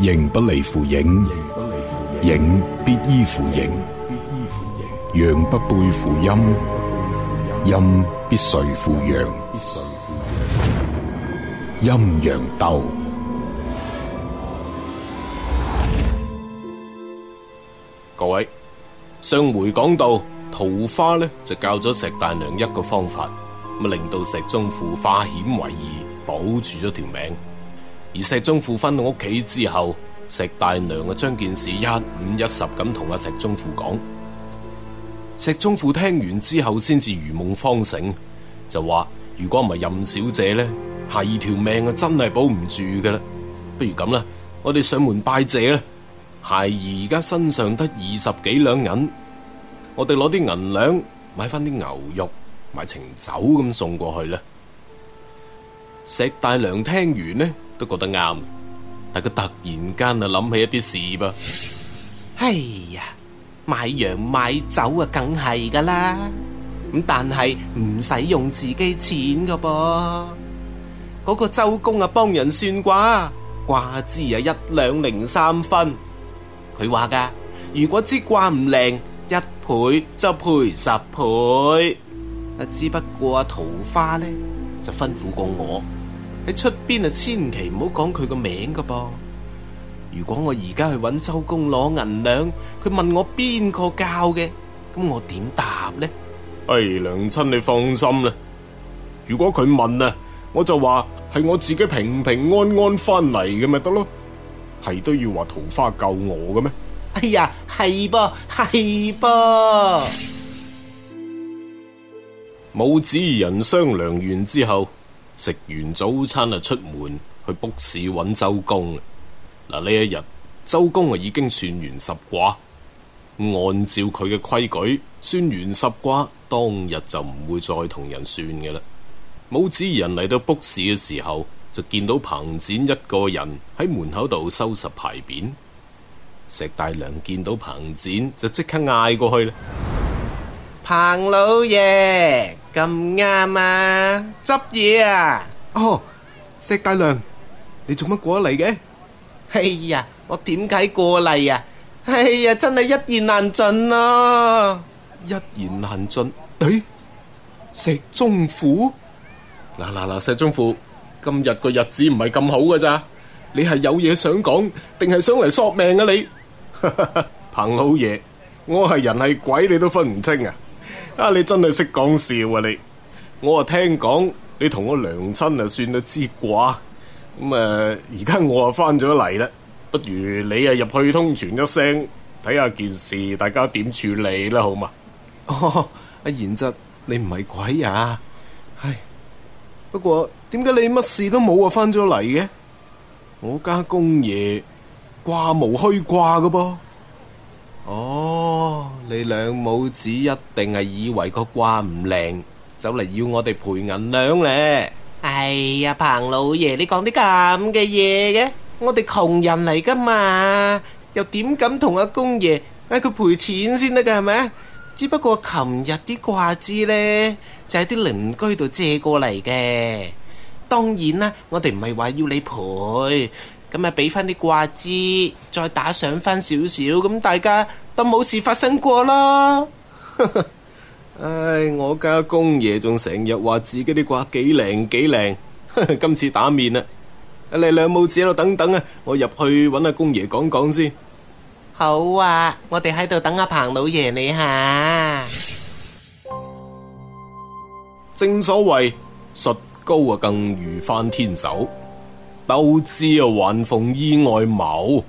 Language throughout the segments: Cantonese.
形不離乎影，影必依乎形；陽不背乎陰，陰必隨乎陽。陰陽鬥。各位，上回講到桃花呢，就教咗石大娘一個方法，咁令到石宗輔化險為夷，保住咗條命。而石宗輔返到屋企之後，石大娘啊將件事一五一十咁同阿石宗輔講。石宗輔聽完之後，先至如夢方醒，就話，如果唔係任小姐呢，孩兒條命啊真係保唔住噶啦。不如咁啦，我哋上門拜謝啦。孩兒而家身上得二十幾兩銀，我哋攞啲銀兩買翻啲牛肉買程酒咁送過去啦。石大娘聽完呢。都覺得啱，但佢突然間啊諗起一啲事噃。哎呀，買羊買酒啊，梗係噶啦。咁但係唔使用自己錢噶噃。嗰個周公啊幫人算卦，卦資啊一兩零三分。佢話噶，如果支卦唔靚，一倍就賠十倍。啊，只不過啊桃花呢，就吩咐過我。喺出邊啊，千祈唔好講佢個名噶噃。如果我而家去揾周公攞銀兩，佢問我邊個教嘅，咁我點答呢？哎，娘親你放心啦。如果佢問啊，我就話係我自己平平安安翻嚟嘅，咪得咯。係都要話桃花救我嘅咩？哎呀，係噃，係噃。母子二人商量完之後。食完早餐啊，出門去卜市揾周公。嗱，呢一日周公啊已經算完十卦，按照佢嘅規矩，算完十卦當日就唔會再同人算嘅啦。母子人嚟到卜市嘅時候，就見到彭展一個人喺門口度收拾牌匾。石大娘見到彭展就即刻嗌過去啦，彭老爺。咁啱啊！執嘢啊！哦，石大娘，你做乜過嚟嘅？哎呀，我點解過嚟啊？哎呀，真係一言難盡咯，啊！一言難盡。哎，石宗輔？嗱嗱嗱，石宗輔，今日個日子唔係咁好噶咋？你係有嘢想講，定係想嚟索命啊？你彭老爺，我係人係鬼你都分唔清啊！啊！你真係識講笑啊！你，我啊聽講你同我娘親啊算咗支卦，咁啊而家我啊翻咗嚟啦，不如你啊入去通傳一聲，睇下件事大家點處理啦，好嘛？阿賢侄，你唔係鬼啊？唉，不過點解你乜事都冇啊？翻咗嚟嘅，我家公爺卦無虛卦噶噃。你兩母子一定係以為個卦唔靈，走嚟要我哋賠銀兩咧？哎呀，彭老爺，你講啲咁嘅嘢嘅，我哋窮人嚟噶嘛，又點敢同阿公爺嗌佢賠錢先得噶？係咪？只不過琴日啲卦資呢，就喺啲鄰居度借過嚟嘅，當然啦，我哋唔係話要你賠，咁啊畀翻啲卦資，再打賞翻少少，咁大家。都冇事發生過啦， 唉，我家公爺仲成日話自己啲卦幾靚幾靚， 今次打面啦，啊，你兩母子喺度等等啊，我入去揾阿公爺講講先。好啊，我哋喺度等阿彭老爺你吓，啊。正所謂術高啊，更如翻天手；鬥智啊，還逢意外謀。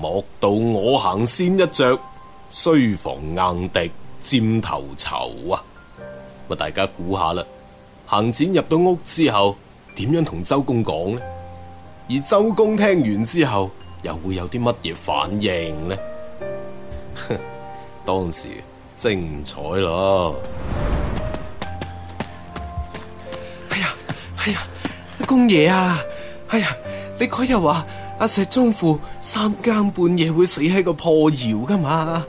莫道我行先一着，須防硬敵佔頭籌啊！咁大家估下啦，行展入到屋之後，點樣同周公講呢？而周公聽完之後，又會有啲乜嘢反應呢？當時精彩咯！哎呀，哎呀，公爺啊，哎呀，你嗰日話。阿石宗輔三更半夜會死喺個破窑噶嘛？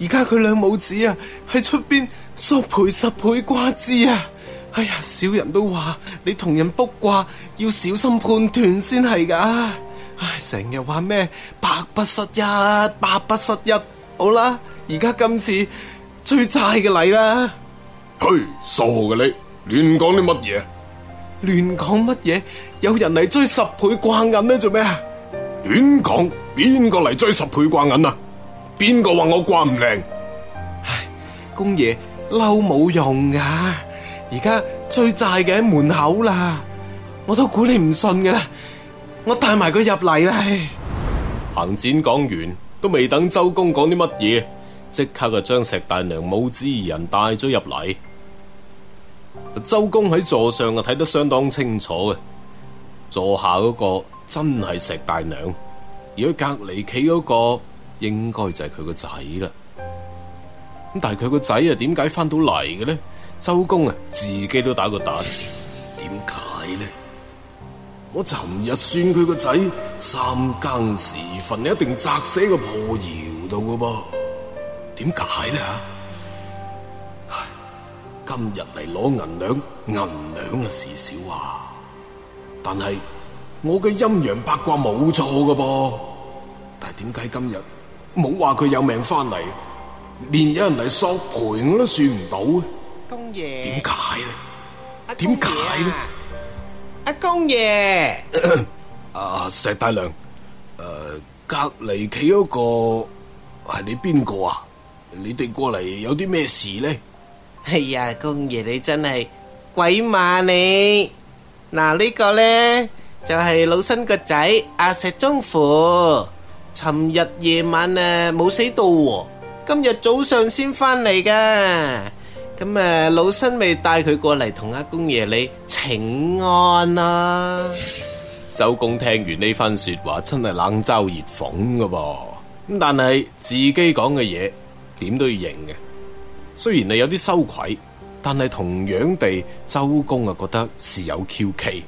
而家佢兩母子啊，喺出邊索賠十倍卦資啊！哎呀，小人都話你同人卜卦要小心判斷先係噶。唉、哎，成日話咩百不失一，百不失一。好啦，而家今次追債嘅嚟啦。嘿，傻嘅你，亂講啲乜嘢？亂講乜嘢？有人嚟追十倍掛銀咧，做咩啊？亂講，邊個嚟追十倍掛銀啊？邊個話我掛唔靈？唉，公爺嬲冇用噶，而家追債嘅喺門口啦，我都估你唔信噶啦，我帶埋佢入嚟啦。行展講完，都未等周公講啲乜嘢，即刻就將石大娘母子二人帶咗入嚟。周公喺座上啊，睇得相當清楚嘅，座下嗰、嗰個。真係石大娘，而果隔籬企嗰個應該就係佢個仔啦。咁但係佢個仔啊，點解翻到嚟嘅呢？周公啊，自己都打個膽，點解呢？我尋日算佢個仔三更時分一定砸死個破窯度噶噃，點解呢？今日嚟攞銀兩，銀兩嘅事少啊，但係。我嘅陰陽八卦冇錯㗎噃，但係點解今日冇話佢有命翻嚟，連有人嚟索賠都算唔到？公爺點解咧？點解咧？阿、啊、公爺、啊，阿、啊啊、石大娘，誒、呃，隔籬企嗰個係你邊個啊？你哋過嚟有啲咩事呢？哎呀，公爺你真係鬼馬你嗱、這個、呢個咧？就係老身個仔阿石宗輔，尋日夜晚啊冇死到，啊，今日早上先翻嚟嘅。咁啊老身未帶佢過嚟同阿公爺你請安啊。周公聽完呢番說話，真係冷嘲熱諷嘅噃，咁但係自己講嘅嘢點都要認嘅，雖然你有啲羞愧，但係同樣地，周公啊覺得事有蹺蹊。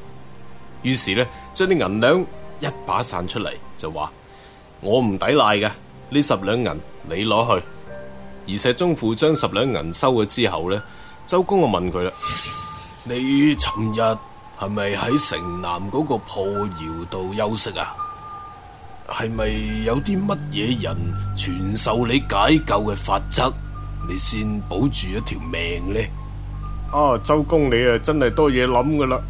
於是咧，將啲銀兩一把散出嚟，就話：我唔抵賴嘅，呢十兩銀你攞去。而石宗輔將十兩銀收咗之後呢，周公就問佢啦：你尋日係咪喺城南嗰個破窑度休息啊？係咪有啲乜嘢人傳授你解救嘅法則，你先保住一條命呢？啊，周公你啊，真係多嘢諗噶啦！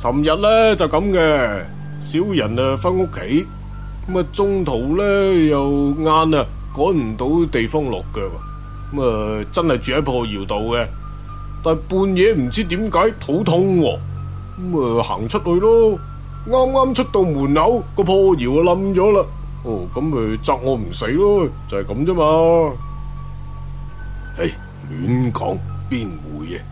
尋日咧就咁嘅，小人啊，翻屋企，咁啊中途咧又啱啊，趕唔到地方落腳，咁啊真係住喺破窯度嘅，但係半夜唔知點解肚痛，哦，咁啊行出去咯，啱啱出到門口，個破窯啊冧咗啦，哦，咁咪砸我唔死咯，就係咁啫嘛，唉，嗯，亂講邊會嘅，啊？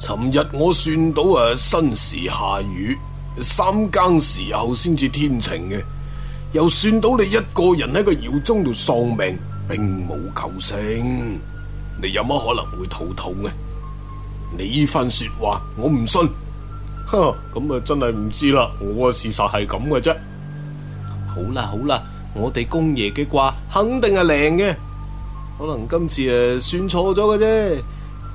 尋日我算到誒、啊，新時下雨，三更時候先至天晴嘅，又算到你一個人喺個窯中度喪命，並冇救星，你有乜可能會肚痛嘅？你呢番說話我唔信。哈，咁啊，真係唔知啦，我事實係咁嘅啫。好啦好啦，我哋公爺嘅卦肯定係靈嘅，可能今次誒、啊、算錯咗嘅啫。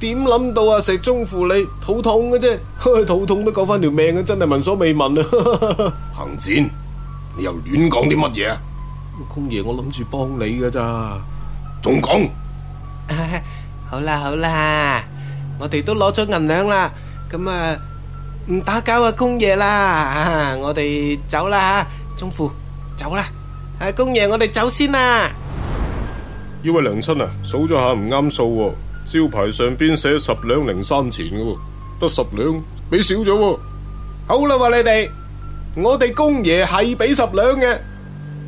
點諗到啊！石宗輔，你肚痛嘅啫，肚痛都救翻條命嘅、啊，真係聞所未聞啊！行 展，你又亂講啲乜嘢啊？公爺，我諗住幫你嘅咋，仲講說、啊？好啦好啦，我哋都攞咗銀兩啦，咁啊唔打攪啊公爺啦，我哋走啦吓，宗輔，走啦，阿、啊、公爺我哋走先啦。呢位娘親啊，數咗下唔啱數。招牌上邊寫十兩零三錢嘅，得十兩，俾少咗。好啦啊，話你哋，我哋公爺係俾十兩嘅，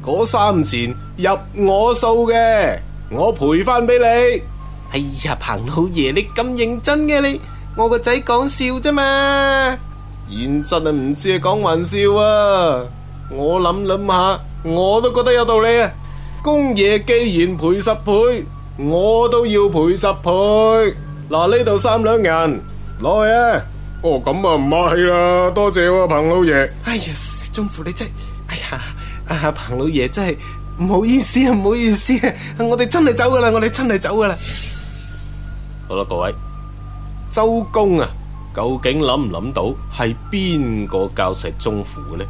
嗰三錢入我數嘅，我賠翻俾你。哎呀，彭老爺，你咁認真嘅你，我個仔講笑啫嘛，現真係唔似係講玩笑啊！我諗諗下，我都覺得有道理啊。公爺既然賠十倍，我都要賠十倍，嗱呢度三兩銀，攞去啊！去哦，咁啊唔客氣啦，多謝啊彭老爺。哎呀，宗輔你真，哎呀啊彭老爺真係唔好意思啊，唔好意思，啊，我哋真係走噶啦，我哋真係走噶啦。好啦，各位，周公啊，究竟諗唔諗到係邊個教識宗輔呢？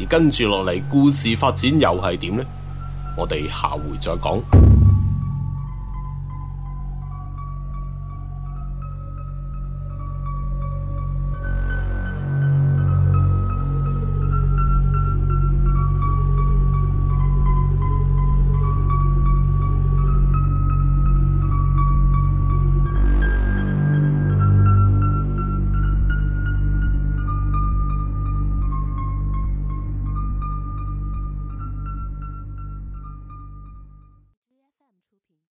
而跟住落嚟，故事發展又係點呢？我哋下回再講。